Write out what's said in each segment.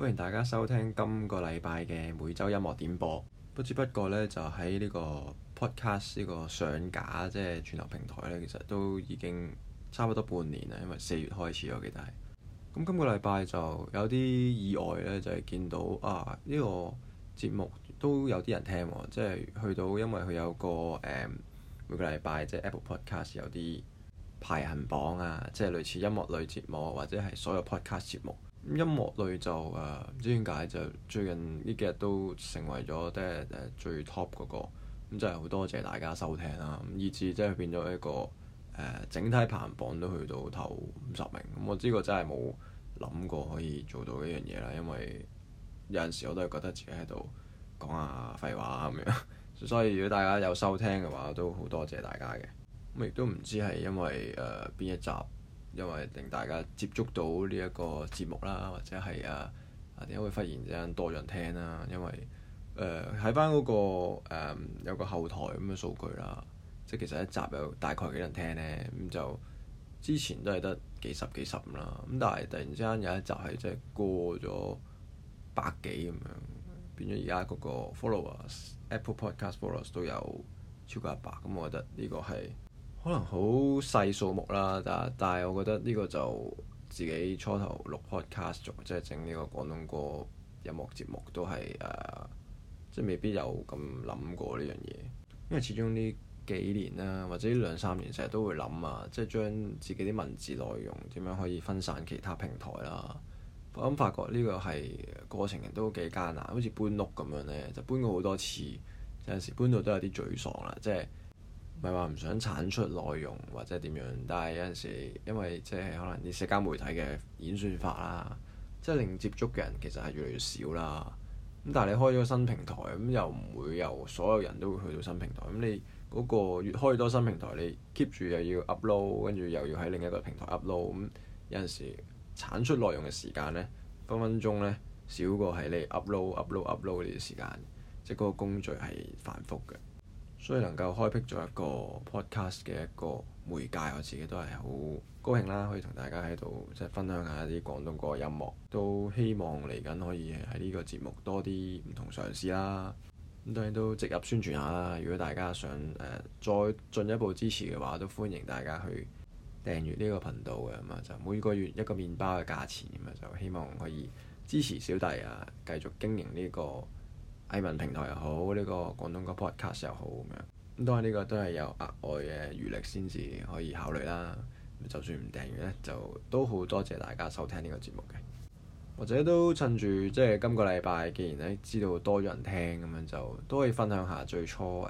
歡迎大家收聽今個禮拜嘅每周音樂點播，不知不覺呢，就喺呢個 podcast 呢個上架，即係串流平台呢，其實都已經差唔多半年啦，因為四月開始嘅，我記得，但係咁今個禮拜就有啲意外呢，就係、是、見到啊呢、這個節目都有啲人聽，即、就、係、是、去到因為佢有個誒、嗯、每個禮拜即係、就是、Apple Podcast 有啲排行榜啊，即、就、係、是、類似音樂類節目或者係所有 podcast 節目。音樂類就誒唔、啊、知點解就最近呢幾日都成為咗即係誒最 top 嗰個，咁真係好多謝大家收聽啦，以至即係變咗一個誒、uh，整體排行榜都去到頭五十名，咁我呢個真係冇諗過可以做到一樣嘢啦，因為有陣時我都係覺得自己喺度講下廢話咁樣，所以如果大家有收聽嘅話，都好多謝大家嘅，咁亦都唔知係因為誒邊、uh，一集。因為令大家接觸到呢一個節目啦，或者係啊啊點解會忽然之間多人聽啦、啊？因為誒睇翻嗰個、呃、有個後台咁嘅數據啦，即係其實一集有大概幾人聽咧？咁就之前都係得幾十幾十咁啦，咁但係突然之間有一集係即係過咗百幾咁樣，變咗而家嗰個 followers Apple Podcast followers 都有超過一百，咁我覺得呢個係。可能好細數目啦，但係我覺得呢個就自己初頭錄 podcast 做，即係整呢個廣東歌音樂節目都，都係誒，即係未必有咁諗過呢樣嘢。因為始終呢幾年啦，或者呢兩三年成日都會諗啊，即係將自己啲文字內容點樣可以分散其他平台啦。我諗發覺呢個係過程都幾艱難，好似搬屋咁樣呢，就搬過好多次，有時搬到都有啲沮喪啦，即係。唔係話唔想產出內容或者點樣，但係有陣時因為即係可能啲社交媒體嘅演算法啦，即係令接觸嘅人其實係越嚟越少啦。咁但係你開咗新平台，咁又唔會由所有人都會去到新平台。咁你嗰個越開越多新平台，你 keep 住又要 upload，跟住又要喺另一個平台 upload。咁有陣時產出內容嘅時間呢，分分鐘呢，少過喺你 upload、upload、upload 嘅時間，即係嗰個工序係繁複嘅。所以能夠開辟咗一個 podcast 嘅一個媒介，我自己都係好高興啦，可以同大家喺度即係分享一下啲廣東歌音樂。都希望嚟緊可以喺呢個節目多啲唔同嘗試啦。當然都直入宣傳下啦。如果大家想、呃、再進一步支持嘅話，都歡迎大家去訂閱呢個頻道嘅咁啊，就每個月一個麵包嘅價錢咁啊，就希望可以支持小弟啊繼續經營呢、呢個。藝文平台又好，呢個廣東歌 podcast 又好咁樣，咁都係呢個都係有額外嘅餘力先至可以考慮啦。就算唔訂閱呢，就都好多謝大家收聽呢個節目嘅。或者都趁住即係今個禮拜，既然咧知道多咗人聽咁樣就，就都可以分享下最初誒，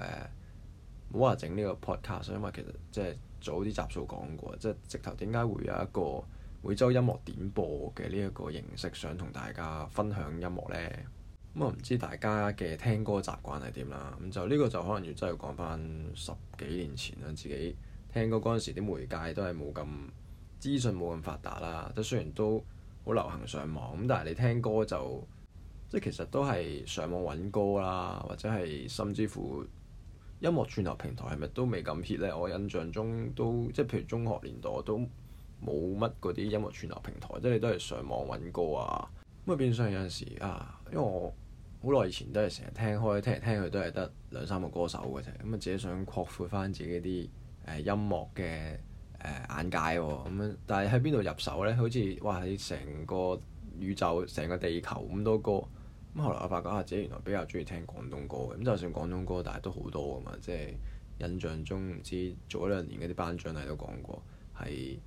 冇話整呢個 podcast，因為其實即係早啲集數講過，即係直頭點解會有一個每週音樂點播嘅呢一個形式，想同大家分享音樂呢？咁啊，唔知大家嘅聽歌習慣係點啦？咁就呢個就可能要真係講翻十幾年前啦。自己聽歌嗰陣時，啲媒介都係冇咁資訊冇咁發達啦。即雖然都好流行上網，咁但係你聽歌就即係其實都係上網揾歌啦，或者係甚至乎音樂串流平台係咪都未咁 hit 咧？我印象中都即係譬如中學年代都冇乜嗰啲音樂串流平台，即係你都係上網揾歌啊。咁啊，變相，有陣時啊，因為我。好耐以前都係成日聽開，聽嚟聽去都係得兩三個歌手嘅啫。咁、嗯嗯嗯、啊，自己想擴闊返自己啲誒音樂嘅誒眼界喎。咁樣，但係喺邊度入手咧？好似哇，係成個宇宙、成個地球咁多歌。咁後來我發覺阿姐原來比較中意聽廣東歌嘅。咁就算廣東歌，但係都好多㗎嘛。即、就、係、是、印象中，唔知早兩年嗰啲頒獎禮都講過，係一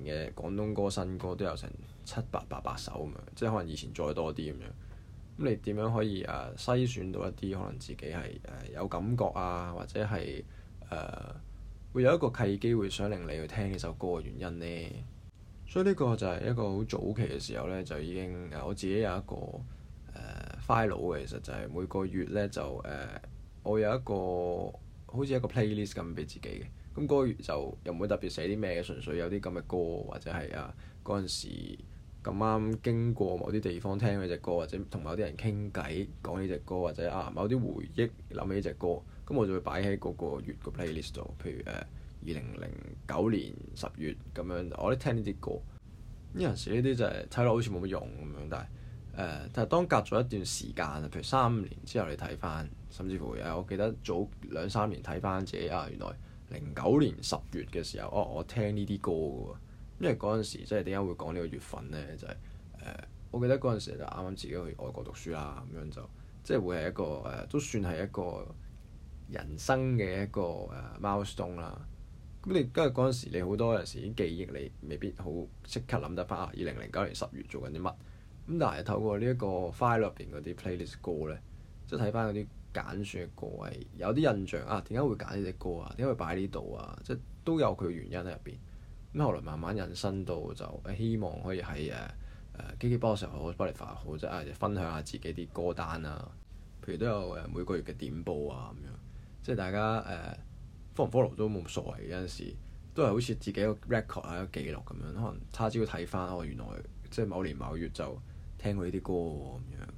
年嘅廣東歌新歌都有成七八八百首嘛。即、就、係、是、可能以前再多啲咁樣。咁你點樣可以誒、啊、篩選到一啲可能自己係誒有感覺啊，或者係誒、呃、會有一個契機會想令你去聽呢首歌嘅原因呢？所以呢個就係一個好早期嘅時候呢，就已經我自己有一個誒 file 嘅，其實就係每個月呢，就誒、呃、我有一個好似一個 playlist 咁俾自己嘅。咁、那、嗰、個、月就又唔會特別寫啲咩嘅，純粹有啲咁嘅歌或者係啊嗰陣時。咁啱經過某啲地方聽呢隻歌，或者同某啲人傾偈講呢隻歌，或者啊某啲回憶諗起呢隻歌，咁我就會擺喺嗰個月個 playlist 度。譬如誒二零零九年十月咁樣，我咧聽呢啲歌。有陣時呢啲就係睇落好似冇乜用咁樣，但係誒、呃，但係當隔咗一段時間啊，譬如三年之後你睇翻，甚至乎誒、啊、我記得早兩三年睇翻自己啊，原來零九年十月嘅時候，哦、啊、我聽呢啲歌㗎喎。因為嗰陣時，即係點解會講呢個月份咧？就係、是、誒、呃，我記得嗰陣時就啱啱自己去外國讀書啦，咁樣就即係會係一個誒、呃，都算係一個人生嘅一個誒 milestone 啦。咁你跟住嗰陣時你好多嗰陣時啲記憶，你未必好即刻諗得翻。二零零九年十月做緊啲乜？咁但係透過呢一個 file 入邊嗰啲 playlist 歌咧，即係睇翻嗰啲揀選嘅歌係有啲印象啊。點解會揀呢隻歌啊？點解會擺喺呢度啊？即係都有佢嘅原因喺入邊。咁後來慢慢引申到就希望可以喺 Gigi 誒 b 基基播嘅時候，我播嚟發好啫，分享下自己啲歌單啊。譬如都有誒每個月嘅點播啊咁樣，即係大家誒、呃、follow 唔 follow 都冇所謂。有陣時都係好似自己一個 record 啊記錄咁樣，可能叉啲睇翻哦，原來即係某年某月就聽過呢啲歌咁樣。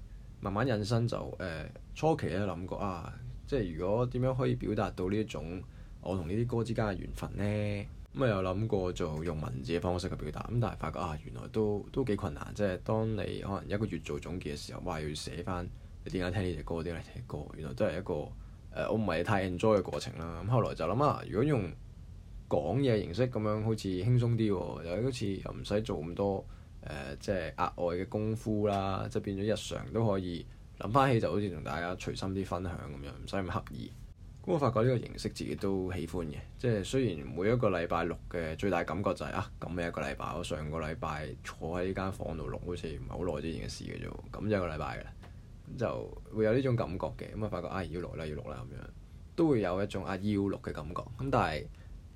慢慢引申就誒、呃、初期咧諗過啊，即係如果點樣可以表達到呢一種我同呢啲歌之間嘅緣分咧？咁啊有諗過做用文字嘅方式去表達，咁但係發覺啊原來都都幾困難，即係當你可能一個月做總結嘅時候，哇要寫翻你點解聽呢隻歌、點解聽歌，原來都係一個誒、呃、我唔係太 enjoy 嘅過程啦。咁、啊、後來就諗下、啊，如果用講嘢形式咁樣好似輕鬆啲，好又好似又唔使做咁多誒、呃、即係額外嘅功夫啦，即係變咗日常都可以諗翻起就好似同大家隨心啲分享咁樣，唔使咁刻意。咁我發覺呢個形式自己都喜歡嘅，即係雖然每一個禮拜六嘅最大感覺就係啊咁嘅一個禮拜，我上個禮拜坐喺呢間房度錄，好似唔係好耐之前嘅事嘅啫，咁一個禮拜嘅，就會有呢種感覺嘅。咁啊發覺啊要錄啦要錄啦咁樣，都會有一種啊要錄嘅感覺。咁但係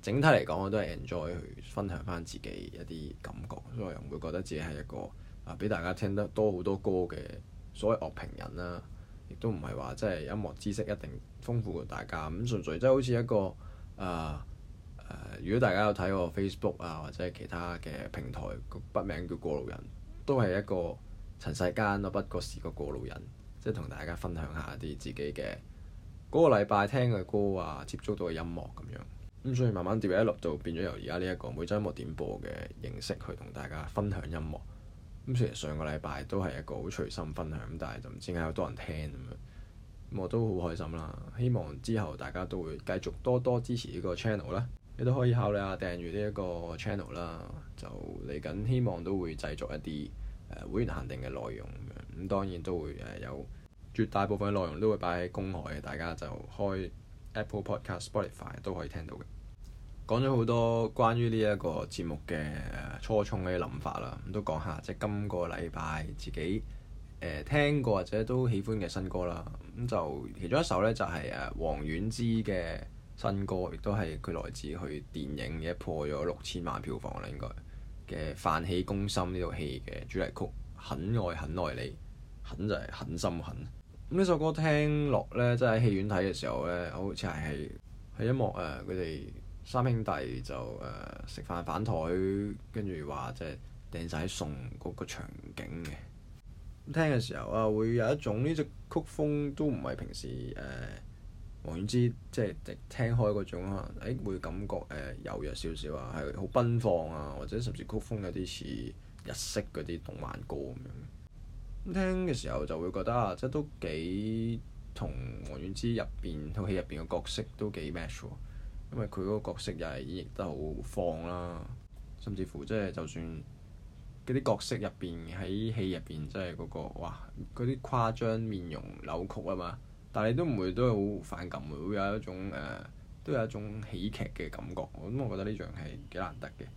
整體嚟講我都係 enjoy 去分享返自己一啲感覺，所以我又唔會覺得自己係一個啊俾大家聽得多好多歌嘅所謂樂評人啦。亦都唔係話即係音樂知識一定豐富過大家，咁純粹即係好似一個誒誒、呃呃，如果大家有睇我 Facebook 啊或者其他嘅平台，個筆名叫過路人，都係一個塵世間啊不過是個過路人，即係同大家分享下啲自己嘅嗰個禮拜聽嘅歌啊，接觸到嘅音樂咁樣，咁所以慢慢跌一落就變咗由而家呢一個每週音樂點播嘅形式去同大家分享音樂。咁其實上個禮拜都係一個好隨心分享，但係就唔知解幾多人聽咁樣，嗯嗯，我都好開心啦。希望之後大家都會繼續多多支持呢個 channel 啦。你都可以考慮下訂閱呢一個 channel 啦。就，嚟緊，希望都會製作一啲誒、呃、會員限定嘅內容咁樣。咁、嗯、當然都會誒、呃、有絕大部分嘅內容都會擺喺公海嘅，大家就開 Apple Podcast、Spotify 都可以聽到嘅。講咗好多關於呢一個節目嘅誒初衷嘅諗法啦，咁都講下，即係今個禮拜自己誒、呃、聽過或者都喜歡嘅新歌啦。咁就其中一首咧就係誒黃菀之嘅新歌，亦都係佢來自佢電影嘅破咗六千萬票房啦，應該嘅《飯戲攻心》呢套戲嘅主題曲《很愛很愛你》，很就係、是、狠心狠」。咁呢首歌聽落咧，即係喺戲院睇嘅時候咧，好似係喺音樂誒佢哋。三兄弟就誒食、呃、飯反枱，跟住話即係掟晒喺送嗰個場景嘅。聽嘅時候啊，會有一種呢隻曲風都唔係平時誒、呃、王菀之即係聽開嗰種啊，誒、欸、會感覺誒、呃、柔弱少少啊，係好奔放啊，或者甚至曲風有啲似日式嗰啲動漫歌咁樣。咁聽嘅時候就會覺得啊，即係都幾同王菀之入邊套戲入邊嘅角色都幾 match 喎。因為佢嗰個角色又係演繹得好放啦，甚至乎即、就、係、是、就算嗰啲角色入邊喺戲入邊、嗰個，即係嗰個哇嗰啲誇張面容扭曲啊嘛，但係都唔會都係好反感嘅，會有一種誒、呃、都有一種喜劇嘅感覺，咁我覺得呢場戲幾難得嘅，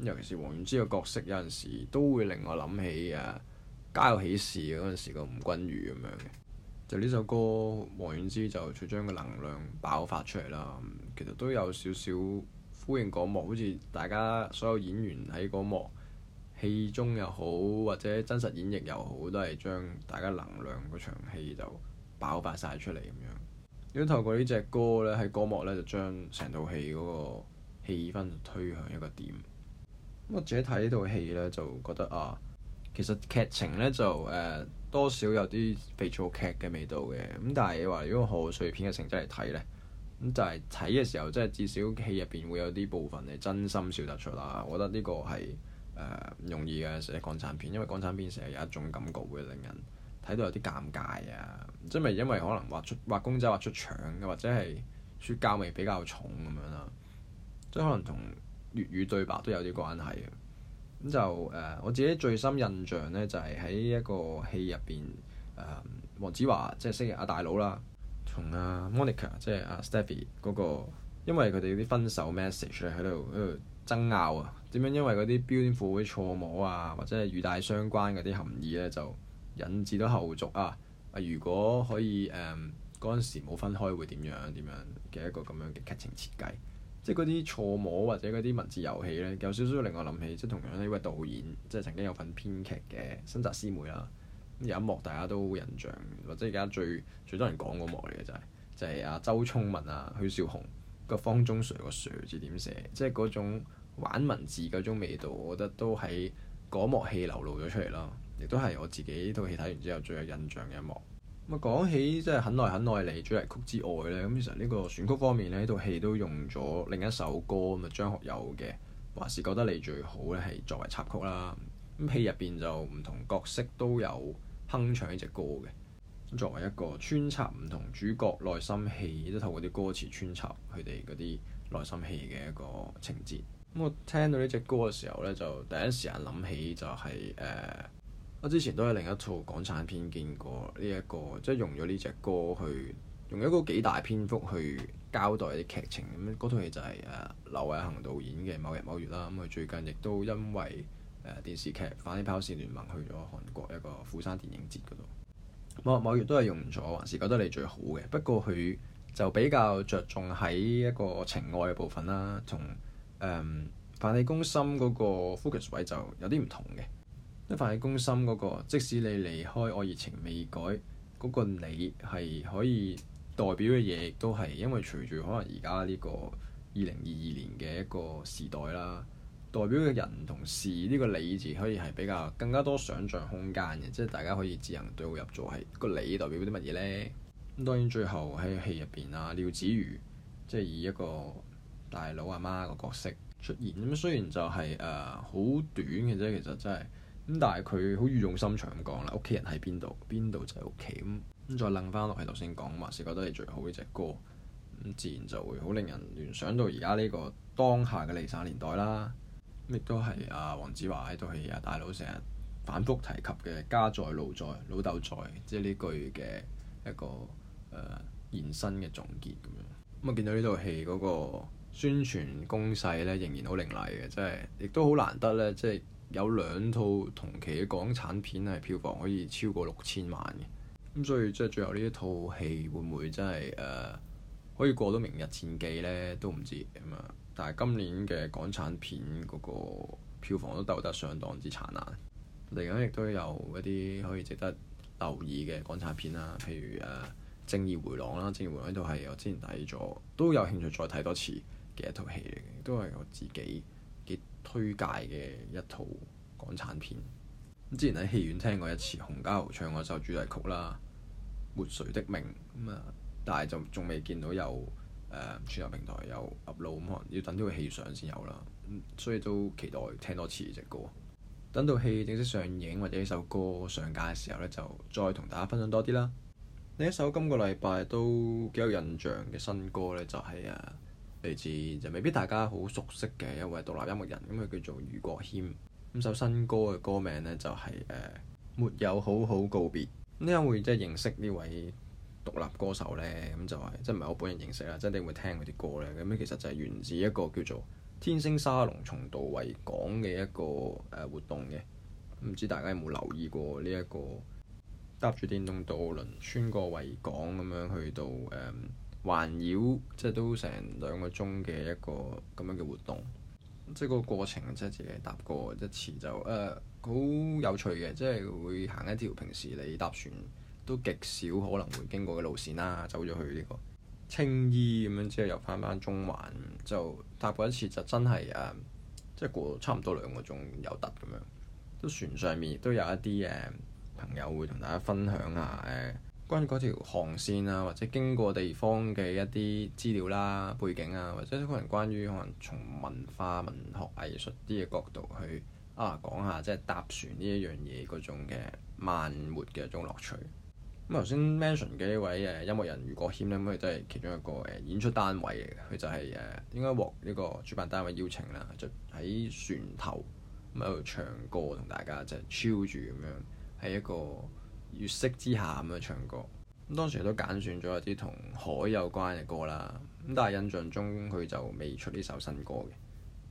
尤其是王菀之個角色有陣時都會令我諗起誒家有喜事嗰陣時、嗰個吳君如咁樣嘅。就呢首歌，王菀之就最將個能量爆發出嚟啦。其實都有少少呼應嗰幕，好似大家所有演員喺嗰幕戲中又好，或者真實演繹又好，都係將大家能量嗰場戲就爆發晒出嚟咁樣。如果透過呢隻歌呢，喺嗰幕呢，就將成套戲嗰個氣氛推向一個點。咁我自己睇呢套戲呢，就覺得啊～其實劇情咧就誒、呃、多少有啲肥皂劇嘅味道嘅，咁但係話如果賀歲片嘅成績嚟睇咧，咁就係睇嘅時候，即係至少戲入邊會有啲部分係真心笑得出啦。我覺得呢個係誒、呃、容易嘅，成日港產片，因為港產片成日有一種感覺會令人睇到有啲尷尬啊，即係咪因為可能畫出畫公仔畫出腸，或者係說教味比較重咁樣啦，即係可能同粵語對白都有啲關係咁就誒、呃，我自己最深印象咧，就係、是、喺一個戲入邊，誒、呃，黃子華即係識阿大佬啦，同阿、啊、Monica 即係阿 Stephy 嗰個，因為佢哋啲分手 message 咧喺度喺度爭拗啊，點樣因為嗰啲標點符啲錯摸啊，或者係語帶相關嗰啲含義咧，就引致到後續啊，啊如果可以誒嗰陣時冇分開會點樣點樣嘅一個咁樣嘅劇情設計。即係嗰啲錯摸或者嗰啲文字遊戲咧，有少少令我諗起，即係同樣呢位導演，即係曾經有份編劇嘅新紮師妹啦。咁有一幕大家都好印象，或者而家最最多人講嗰幕嚟嘅就係，就係、係、阿、就係、周聰文啊、許紹雄個方中 Sir 個 Sir 字點寫，即係嗰種玩文字嗰種味道，我覺得都喺嗰幕戲流露咗出嚟咯。亦都係我自己套戲睇完之後最有印象嘅一幕。咁講起即係很耐很耐嚟主題曲之外呢，咁其實呢個選曲方面呢，呢套戲都用咗另一首歌咁啊，張學友嘅《還是覺得你最好》咧，係作為插曲啦。咁戲入邊就唔同角色都有哼唱呢隻歌嘅。作為一個穿插唔同主角內心戲，都透過啲歌詞穿插佢哋嗰啲內心戲嘅一個情節。咁我聽到呢隻歌嘅時候呢，就第一時間諗起就係、是、誒。Uh, 我之前都係另一套港產片見過呢一、這個，即係用咗呢隻歌去，用一個幾大篇幅去交代啲劇情咁，嗰套戲就係、是、誒、啊、劉偉恒導演嘅《某日某月》啦、啊。咁、嗯、佢最近亦都因為誒、啊、電視劇《反起跑線聯盟》去咗韓國一個釜山電影節嗰度。某日某月都係用咗，還是覺得你最好嘅。不過佢就比較着重喺一個情愛嘅部分啦，同誒《飯、嗯、戲攻心》嗰個 focus 位就有啲唔同嘅。一份喺公心嗰、那個，即使你離開，我熱情未改嗰、那個你係可以代表嘅嘢，亦都係因為隨住可能而家呢個二零二二年嘅一個時代啦，代表嘅人同事呢、這個你字可以係比較更加多想像空間嘅，即係大家可以自行對號入座，係、那個你代表啲乜嘢咧？咁當然最後喺戲入邊啊，廖子妤即係以一個大佬阿媽個角色出現咁，雖然就係誒好短嘅啫，其實真係。咁但係佢好語重用心長咁講啦，屋企人喺邊度，邊度就係屋企。咁、嗯、咁再擰翻落去頭先講話是覺得係最好嘅隻歌。咁、嗯、自然就會好令人聯想到而家呢個當下嘅離散年代啦。亦都係啊，黃子華喺度，戲啊，大佬成日反覆提及嘅家在路在老豆在，即係呢句嘅一個誒延伸嘅總結咁樣。咁、嗯、啊，見到呢套戲嗰個宣傳攻勢咧，仍然好凌厲嘅，即係亦都好難得咧，即係。有兩套同期嘅港產片係票房可以超過六千萬嘅，咁所以即係最後呢一套戲會唔會真係誒、uh, 可以過到明日戰記呢？都唔知咁啊！但係今年嘅港產片嗰個票房都鬥得相當之燦爛，嚟緊亦都有一啲可以值得留意嘅港產片啦，譬如誒、uh,《正義回廊》啦，《正義回廊》呢套係我之前睇咗，都有興趣再睇多次嘅一套戲嚟嘅，都係我自己。推介嘅一套港產片，之前喺戲院聽過一次，洪嘉豪唱嗰首主題曲啦，《沒誰的命》，咁啊，但係就仲未見到有誒串流平台有 upload，咁可能要等呢個戲上先有啦，所以都期待聽多次呢隻歌。等到戲正式上映或者呢首歌上架嘅時候呢，就再同大家分享多啲啦。呢 一首今個禮拜都幾有印象嘅新歌呢，就係、是、啊。來自就未必大家好熟悉嘅一位獨立音樂人，咁佢叫做余國謙，咁首新歌嘅歌名呢，就係、是、誒、呃、沒有好好告別。呢，點解會即係認識呢位獨立歌手呢，咁就係、是、即係唔係我本人認識啦，即係你會聽佢啲歌呢，咁其實就係源自一個叫做天星沙龍重渡維港嘅一個誒、呃、活動嘅。唔知大家有冇留意過呢、這、一個搭住電動渡輪穿過維港咁樣去到誒、呃環繞即係都成兩個鐘嘅一個咁樣嘅活動，即係個過程即係自己搭過一次就誒好、呃、有趣嘅，即係會行一條平時你搭船都極少可能會經過嘅路線啦，走咗去呢、這個青衣咁樣之後又翻翻中環，就搭過一次就真係誒、啊，即係過差唔多兩個鐘有得咁樣，都船上面都有一啲誒、啊、朋友會同大家分享下。誒、嗯。關於嗰條航線啊，或者經過地方嘅一啲資料啦、啊、背景啊，或者可能關於可能從文化、文學、藝術啲嘅角度去啊講下，即係搭船呢一樣嘢嗰種嘅慢活嘅一種樂趣。咁頭先 mention 嘅呢位誒、啊、音樂人如國謙余國謙咧，咁佢都係其中一個誒、啊、演出單位，佢就係、是、誒、啊、應該獲呢個主辦單位邀請啦、啊，就喺船頭咁喺度唱歌同大家即係超住咁樣喺一個月色之下咁去唱歌，咁當時都揀選咗一啲同海有關嘅歌啦，咁但係印象中佢就未出呢首新歌嘅，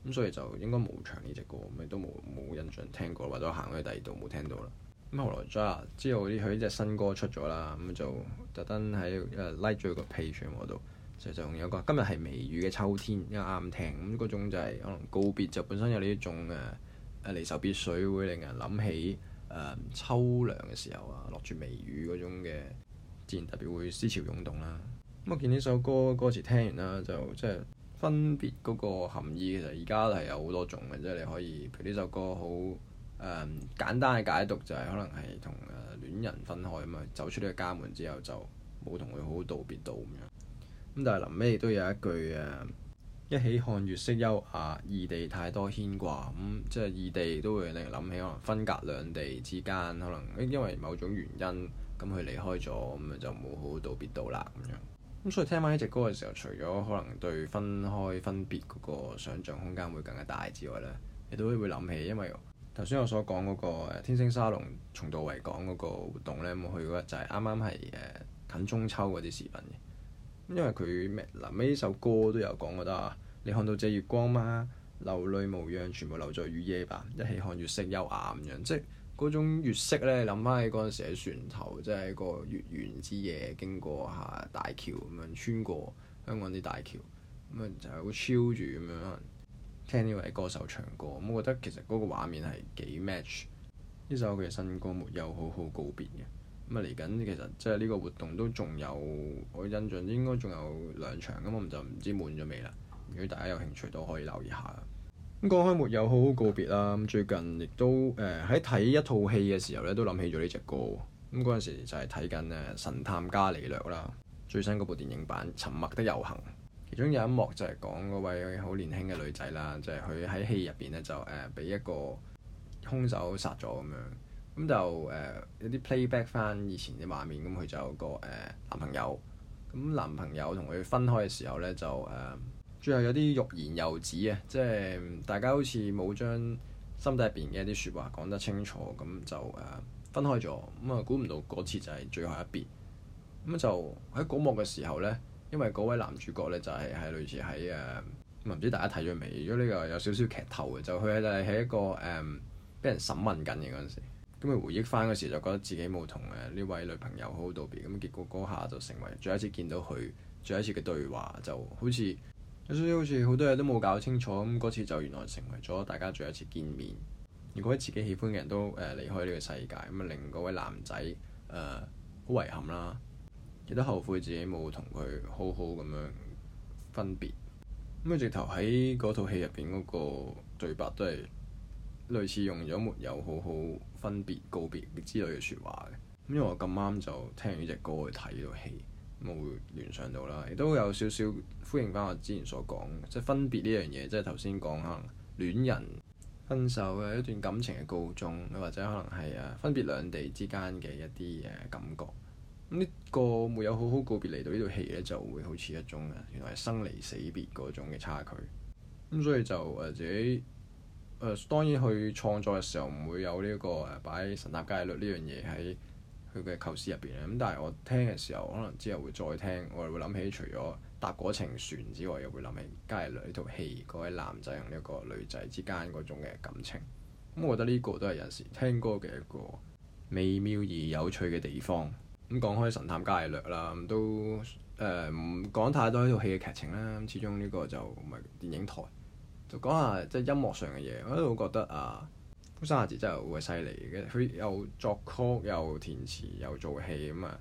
咁所以就應該冇唱呢隻歌，咁都冇冇印象聽過，或者行去第二度冇聽到啦。咁後來之後知道佢呢隻新歌出咗啦，咁就特登喺誒拉咗個 page 喺我度，就就用、like、一個，有一個今日係微雨嘅秋天，因為啱聽，咁嗰種就係、是、可能告別就本身有呢一種嘅誒、啊、離愁別緒，會令人諗起。嗯、秋涼嘅時候啊，落住微雨嗰種嘅自然，特別會思潮湧動啦。咁、嗯、我見呢首歌歌詞聽完啦，就即係、就是、分別嗰個含義其實而家係有好多種嘅，即、就、係、是、你可以譬如呢首歌好誒、嗯、簡單嘅解讀就係、是、可能係同誒戀人分開啊嘛，走出呢個家門之後就冇同佢好好道別到咁樣。咁但係臨尾都有一句誒、呃一起看月色優，啊異地太多牽掛，咁即係異地都會令人諗起可能分隔兩地之間，可能因為某種原因，咁佢離開咗，咁就冇好好道別到啦咁樣。咁所以聽返呢隻歌嘅時候，除咗可能對分開分別嗰個想像空間會更加大之外呢，亦都會會諗起，因為頭先我所講嗰個天星沙龍重度維港嗰個活動呢，冇去過就係啱啱係誒近中秋嗰啲時分，因為佢臨尾呢首歌都有講覺得啊～你看到這月光嗎？流淚無樣，全部留在雨夜吧。一起看月色又雅咁樣，即係嗰種月色咧。諗翻起嗰陣時喺船頭，即係一個月圓之夜，經過下大橋咁樣，穿過香港啲大橋，咁啊就係好超住咁樣聽呢位歌手唱歌。咁我覺得其實嗰個畫面係幾 match 呢首佢嘅新歌《沒有好好告別》嘅。咁啊，嚟緊其實即係呢個活動都仲有，我印象應該仲有兩場咁，我唔就唔知滿咗未啦。如果大家有興趣，都可以留意下。咁講開，沒有好好告別啦。咁最近亦都誒喺睇一套戲嘅時候咧，都諗起咗呢隻歌。咁嗰陣時就係睇緊《誒神探伽利略》啦，最新嗰部電影版《沉默的遊行》。其中有一幕就係講嗰位好年輕嘅女仔啦，就係佢喺戲入邊咧就誒俾、呃、一個兇手殺咗咁樣。咁就誒、呃、有啲 playback 翻以前嘅畫面，咁佢就有個誒、呃、男朋友。咁男朋友同佢分開嘅時候咧，就誒。呃最後有啲欲言又止啊，即係大家好似冇將心底入邊嘅一啲説話講得清楚，咁就誒、啊、分開咗。咁啊，估唔到嗰次就係最後一別。咁就喺嗰幕嘅時候呢，因為嗰位男主角呢，就係、是、係類似喺誒，唔、啊、知大家睇咗未？如果呢個有少少劇透嘅，就佢係就係一個誒，俾、啊、人審問緊嘅嗰陣時。咁佢回憶翻嗰時，就覺得自己冇同誒呢位女朋友好好道別。咁結果嗰下就成為最後一次見到佢，最後一次嘅對話就好似。所以好似好多嘢都冇搞清楚，咁嗰次就原來成為咗大家最後一次見面。如果自己喜歡嘅人都誒、呃、離開呢個世界，咁啊令嗰位男仔誒好遺憾啦，亦都後悔自己冇同佢好好咁樣分別。咁啊直頭喺嗰套戲入邊嗰個對白都係類似用咗沒有好好分別告別之類嘅説話嘅。咁因為我咁啱就聽完呢隻歌去睇呢套戲。冇聯想到啦，亦都有少少呼應翻我之前所講，即係分別呢樣嘢，即係頭先講可能戀人分手嘅一段感情嘅告終，又或者可能係誒分別兩地之間嘅一啲誒感覺。呢、嗯，這個沒有好好告別嚟到呢套戲咧，就會好似一種原來係生離死別嗰種嘅差距。咁、嗯、所以就自己誒當然去創作嘅時候唔會有呢、這、一個誒擺神鵰戒律呢樣嘢喺。佢嘅構思入邊啊，咁但係我聽嘅時候，可能之後會再聽，我哋會諗起除咗搭嗰程船之外，又會諗起佳《加熱掠》呢套戲嗰位男仔同呢個女仔之間嗰種嘅感情。咁、嗯、我覺得呢個都係有時聽歌嘅一個美妙而有趣嘅地方。咁、嗯、講開神探伽利略啦，都誒唔、呃、講太多呢套戲嘅劇情啦。咁始終呢個就唔係電影台，就講下即係、就是、音樂上嘅嘢。我都會覺得啊～三亞節真係好誒犀利嘅，佢又作曲又填詞又做戲咁啊，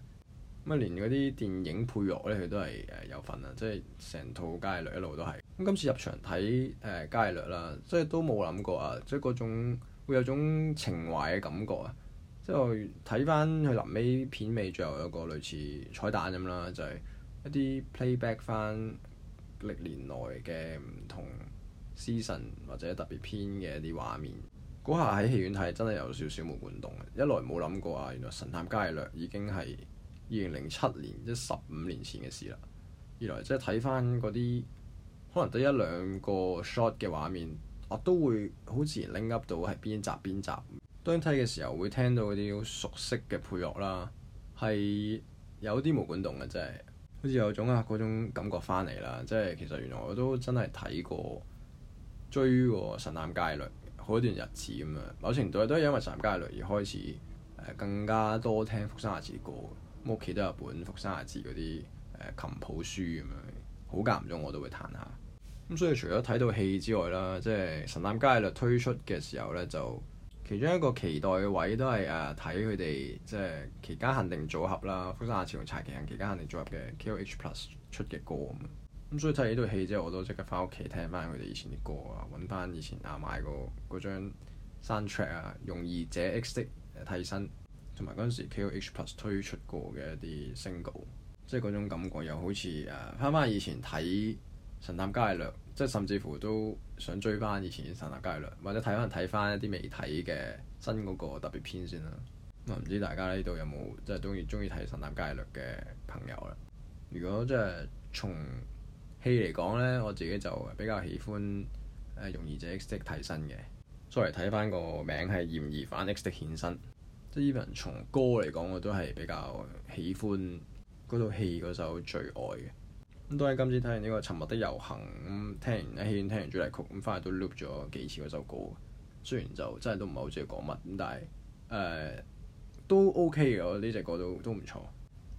咁啊連嗰啲電影配樂咧，佢都係誒有份啊，即係成套《伽利略》一路都係。咁今次入場睇誒《伽、呃、利略》啦，即係都冇諗過啊！即係嗰種會有種情懷嘅感覺啊！即係我睇翻佢臨尾片尾最後有個類似彩蛋咁啦，就係、是、一啲 playback 翻歷年來嘅唔同 season 或者特別編嘅一啲畫面。嗰下喺戲院睇真係有少少毛管動嘅，一來冇諗過啊，原來《神探伽利略》已經係二零零七年即十五年前嘅事啦。二來即係睇翻嗰啲可能得一兩個 shot 嘅畫面，我、啊、都會好自然 link up 到係邊集邊集。當睇嘅時候會聽到嗰啲熟悉嘅配樂啦，係有啲毛管動嘅真係，好似有種啊嗰種感覺翻嚟啦。即係其實原來我都真係睇過追過《神探伽利略》。好一段日子咁啊，某程度都係因為神探伽利略而開始誒、呃、更加多聽福山雅治啲歌。咁屋企都有本福山雅治嗰啲誒琴譜書咁啊，好間唔中我都會彈下。咁、嗯、所以除咗睇到戲之外啦，即係神探伽利略推出嘅時候咧，就其中一個期待嘅位都係誒睇佢哋即係期間限定組合啦，福山雅治同柴崎幸期間限定組合嘅 KOH Plus 出嘅歌。嗯咁、嗯、所以睇呢套戲之後，我都即刻翻屋企聽翻佢哋以前啲歌啊，揾翻以前啊買過嗰張 soundtrack 啊，用容疑者》x 的替身，同埋嗰陣時 KOH+ 推出過嘅一啲 single，即係嗰種感覺又好似誒翻翻以前睇神探伽利略，即係甚至乎都想追翻以前神探伽利略，或者睇翻睇翻一啲未睇嘅新嗰個特別篇先啦。唔、嗯、知大家呢度有冇即係中意中意睇神探伽利略嘅朋友啦？如果即係從戲嚟講呢，我自己就比較喜歡誒《疑、啊、犯 X 的替身》嘅。再嚟睇翻個名係《嫌疑犯 X 的獻身》，即係依邊從歌嚟講，我都係比較喜歡嗰套戲嗰首最愛嘅。咁、嗯、都係今次睇完呢、這個《沉默的遊行》，咁、嗯、聽完戲院聽完主題曲，咁翻去都 loop 咗幾次嗰首歌。雖然就真係都唔係好知講乜，咁但係誒、呃、都 OK 嘅，呢隻歌都都唔錯。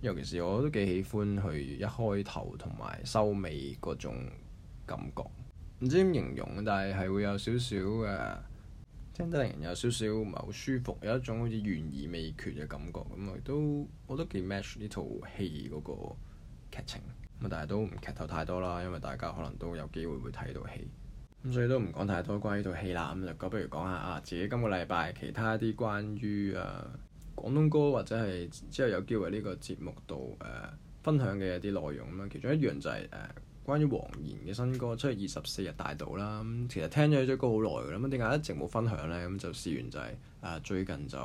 尤其是我都幾喜歡佢一開頭同埋收尾嗰種感覺，唔知點形容，但係係會有少少嘅聽得令人有少少唔係好舒服，有一種好似懸而未決嘅感覺。咁啊都我都幾 match 呢套戲嗰個劇情。咁啊但係都唔劇透太多啦，因為大家可能都有機會會睇到戲。咁所以都唔講太多關於呢套戲啦。咁、嗯、啊，不如講下啊自己今個禮拜其他啲關於啊～廣東歌或者係之後有機會呢個節目度誒、呃、分享嘅一啲內容咁樣，其中一樣就係、是、誒、呃、關於黃妍嘅新歌《七月二十四日大道》啦。嗯、其實聽咗呢歌好耐嘅啦，咁點解一直冇分享呢？咁就試完就係、是、誒、呃、最近就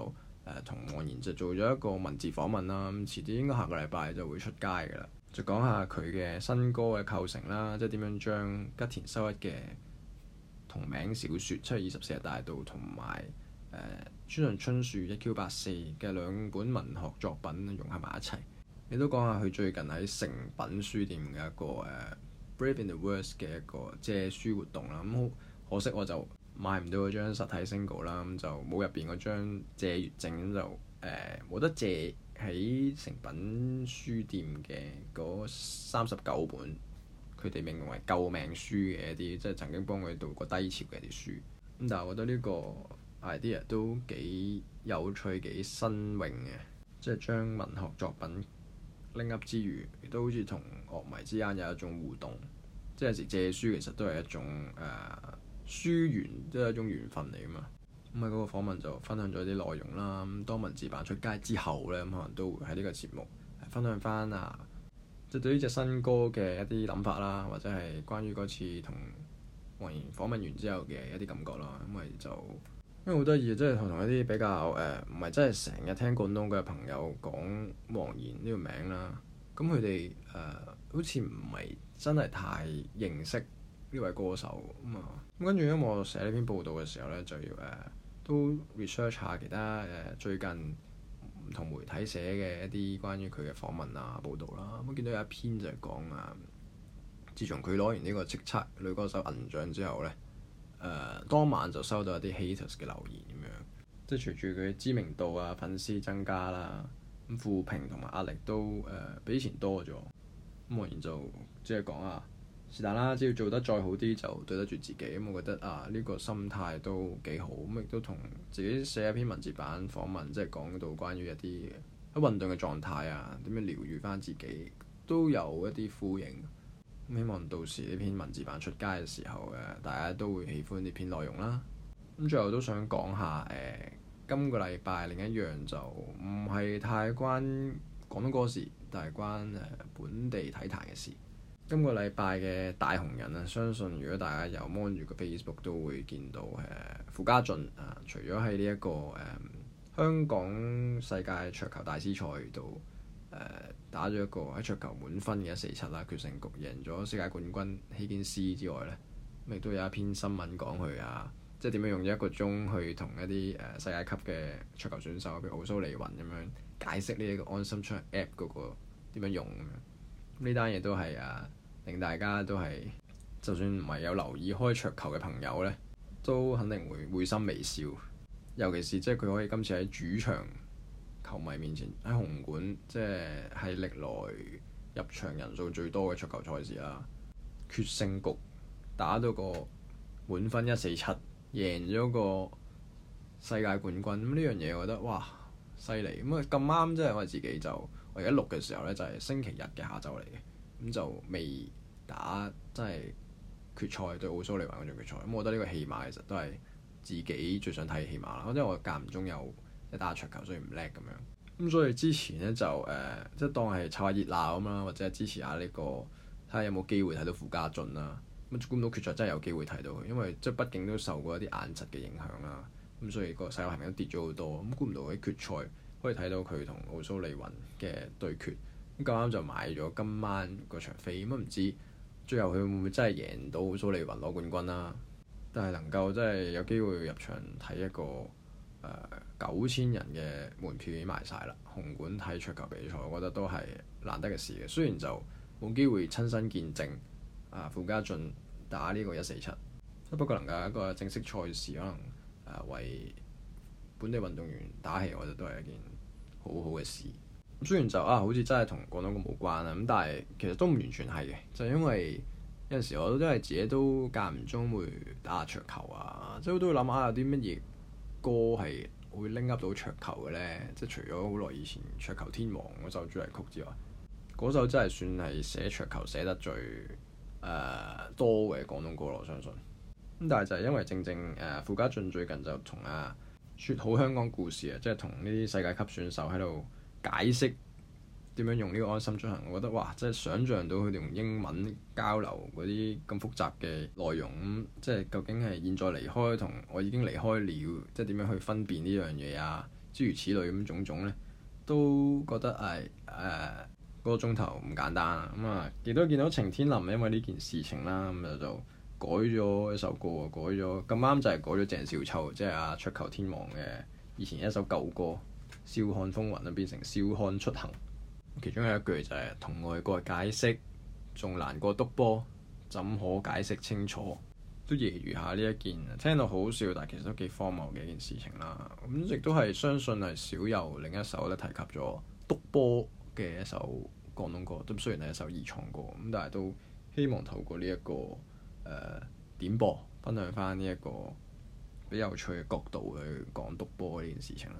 誒同黃妍就做咗一個文字訪問啦。咁、嗯、遲啲應該下個禮拜就會出街嘅啦。就講下佢嘅新歌嘅構成啦，即係點樣將吉田修一嘅同名小説《七月二十四日大道》同埋。誒《春、uh, 春樹》一 Q 八四嘅兩本文學作品融合埋一齊。你都講下佢最近喺成品書店嘅一個、uh, Brave in the Worst 嘅一個借書活動啦。咁、嗯、可惜我就買唔到嗰張實體 single 啦、嗯，咁就冇入邊嗰張借閱證，咁就誒冇、uh, 得借喺成品書店嘅嗰三十九本，佢哋形容為救命書嘅一啲，即、就、係、是、曾經幫佢度過低潮嘅一啲書。咁但係我覺得呢、這個。係啲人都幾有趣，幾新穎嘅，即係將文學作品拎 Up 之餘，都好似同樂迷之間有一種互動。即係有時借書其實都係一種誒、啊、書緣，都係一種緣分嚟㗎嘛。咁喺嗰個訪問就分享咗啲內容啦。咁當文字版出街之後咧，咁可能都會喺呢個節目分享返啊，即係對於隻新歌嘅一啲諗法啦，或者係關於嗰次同黃妍訪問完之後嘅一啲感覺咯。咁咪就～因為好得意，即係同一啲比較誒，唔、呃、係真係成日聽廣東嘅朋友講「黃妍」呢個名啦。咁佢哋誒好似唔係真係太認識呢位歌手啊嘛。咁跟住，因為我寫呢篇報道嘅時候咧，就要誒、呃、都 research 下其他誒、呃、最近唔同媒體寫嘅一啲關於佢嘅訪問啊、報道啦。咁、嗯嗯、見到有一篇就係講啊，自從佢攞完呢個叱咤女歌手銀獎之後咧。誒、呃、當晚就收到一啲 haters 嘅留言咁樣，即係隨住佢知名度啊、粉絲增加啦，咁負評同埋壓力都誒、呃、比以前多咗。咁然就即係講啊，是但啦，只要做得再好啲就對得住自己。咁我覺得啊，呢個心態都幾好。咁亦都同自己寫一篇文字版訪問，即係講到關於一啲喺運動嘅狀態啊，點樣療愈翻自己，都有一啲呼應。希望到時呢篇文字版出街嘅時候嘅，大家都會喜歡呢篇內容啦。咁最後都想講下誒、呃，今個禮拜另一樣就唔係太關廣東歌事，但係關誒、呃、本地體壇嘅事。今個禮拜嘅大紅人啊，相信如果大家有 mon 住個 Facebook 都會見到誒、呃、傅家俊啊，除咗喺呢一個誒、呃、香港世界桌球大師賽度。誒打咗一個喺桌球，球滿分嘅四七啦，決勝局贏咗世界冠軍希堅斯之外呢，亦都有一篇新聞講佢啊，即係點樣用一個鐘去同一啲、啊、世界級嘅桌球，球選手，比如奧蘇利雲咁樣解釋呢、這、一個安心出行 app 嗰、那個點樣用咁，呢單嘢都係啊令大家都係就算唔係有留意開桌球嘅朋友呢，都肯定會會心微笑，尤其是即係佢可以今次喺主場。球迷面前喺紅館，即係喺歷來入場人數最多嘅桌球賽事啦。決勝局打到個滿分一四七，贏咗個世界冠軍。咁呢樣嘢我覺得哇，犀利！咁啊咁啱，即係我自己就我而家錄嘅時候咧，就係、是、星期日嘅下晝嚟嘅。咁就未打，即係決賽對奧蘇利雲種決賽。咁我覺得呢個戲碼，其實都係自己最想睇嘅戲碼啦。因為我間唔中有。打桌球所以唔叻咁樣，咁、嗯、所以之前咧就誒、呃，即係當係湊下熱鬧咁啦，或者支持下呢、呢個，睇下有冇機會睇到傅家俊啦。咁估唔到決賽真係有機會睇到佢，因為即係畢竟都受過一啲眼疾嘅影響啦。咁、嗯、所以個世界排名都跌咗好多。咁估唔到喺決賽可以睇到佢同奧蘇利雲嘅對決。咁咁啱就買咗今晚個場飛，咁、嗯、唔知最後佢會唔會真係贏到奧蘇利雲攞冠軍啦？但係能夠真係有機會入場睇一個。九千人嘅門票已經賣晒啦！紅館睇桌球比賽，我覺得都係難得嘅事嘅。雖然就冇機會親身見證啊傅家俊打呢個一四七，不過能夠一個正式賽事可能誒、啊、為本地運動員打氣，我覺得都係一件好好嘅事。雖然就啊好似真係同廣東歌冇關啦，咁但係其實都唔完全係嘅，就係、因為有陣時我都真係自己都間唔中會打下桌球啊，即係都會諗下有啲乜嘢。歌係會拎到桌球嘅呢，即係除咗好耐以前桌球天王嗰首主題曲之外，嗰首真係算係寫桌球寫得最誒、呃、多嘅廣東歌咯，我相信。咁但係就係因為正正誒傅、呃、家俊最近就同啊説好香港故事啊，即係同呢啲世界級選手喺度解釋，點樣用呢個安心出行？我覺得哇，即係想像到佢哋用英文交流嗰啲咁複雜嘅內容，即係究竟係現在離開同我已經離開了，即係點樣去分辨呢樣嘢啊？諸如此類咁種種呢，都覺得係誒、呃，嗰個鐘頭唔簡單咁啊！亦都見到晴天林因為呢件事情啦，咁就改咗一首歌改咗，咁啱就係改咗鄭少秋，即係阿桌球天王嘅以前一首舊歌《笑看風雲》啊，變成《笑看出行》。其中有一句就係、是、同外國解釋，仲難過篤波，怎可解釋清楚？都揶揄下呢一件，聽到好笑，但係其實都幾荒謬嘅一件事情啦。咁、嗯、亦都係相信係少有另一首咧提及咗篤波嘅一首廣東歌，咁雖然係一首二創歌，咁但係都希望透過呢、這、一個誒、呃、點播，分享返呢一個比較有趣嘅角度去講篤波呢件事情啦。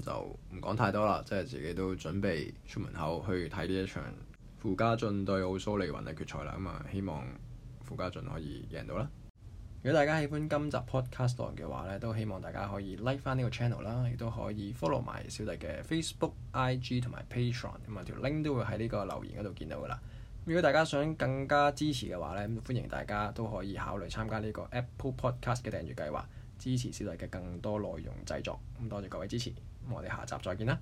就唔講太多啦，即係自己都準備出門口去睇呢一場傅家俊對奧蘇利雲嘅決賽啦。咁啊，希望傅家俊可以贏到啦。如果大家喜歡今集 podcast 嘅話咧，都希望大家可以 like 翻呢個 channel 啦，亦都可以 follow 埋小弟嘅 Facebook、IG 同埋 Patreon。咁啊，條 link 都會喺呢個留言嗰度見到噶啦。如果大家想更加支持嘅話咧，歡迎大家都可以考慮參加呢個 Apple Podcast 嘅訂閱計劃，支持小弟嘅更多內容製作。咁多謝各位支持。我哋下集再見啦！